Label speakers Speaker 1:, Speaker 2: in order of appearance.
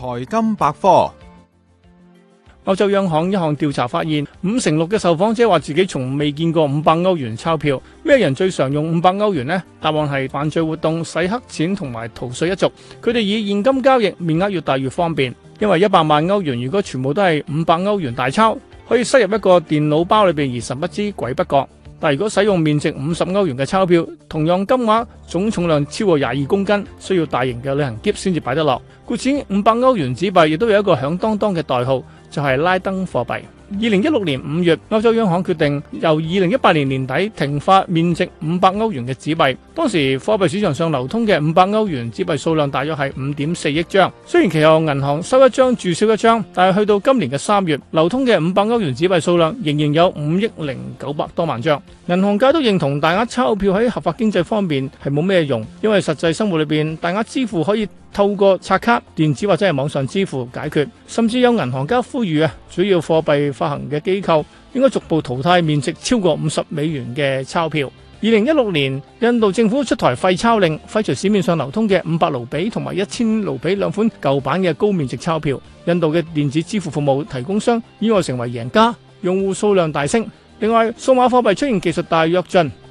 Speaker 1: 財金百科，歐洲央行一項調查發現，五成六嘅受訪者話自己從未見過五百歐元鈔票。咩人最常用五百歐元呢？答案係犯罪活動、洗黑錢同埋逃稅一族。佢哋以現金交易，面額越大越方便。因為一百萬歐元如果全部都係五百歐元大鈔，可以塞入一個電腦包裏邊而神不知鬼不覺。但如果使用面值五十歐元嘅鈔票，同樣金額總重量超過廿二公斤，需要大型嘅旅行喼先至擺得落。故此五百歐元紙幣亦都有一個響噹噹嘅代號，就係拉登貨幣。二零一六年五月，歐洲央行決定由二零一八年年底停發面值五百歐元嘅紙幣。當時貨幣市場上流通嘅五百歐元紙幣數量大約係五點四億張。雖然其後銀行收一張，註銷一張，但係去到今年嘅三月，流通嘅五百歐元紙幣數量仍然有五億零九百多萬張。銀行界都認同大額鈔票喺合法經濟方面係冇咩用，因為實際生活裏邊大額支付可以透過刷卡、電子或者係網上支付解決，甚至有銀行家呼籲啊，主要貨幣發行嘅機構應該逐步淘汰面值超過五十美元嘅鈔票。二零一六年，印度政府出台廢鈔令，廢除市面上流通嘅五百盧比同埋一千盧比兩款舊版嘅高面值鈔票。印度嘅電子支付服務提供商意外成為贏家，用戶數量大升。另外，數碼貨幣出現技術大躍進。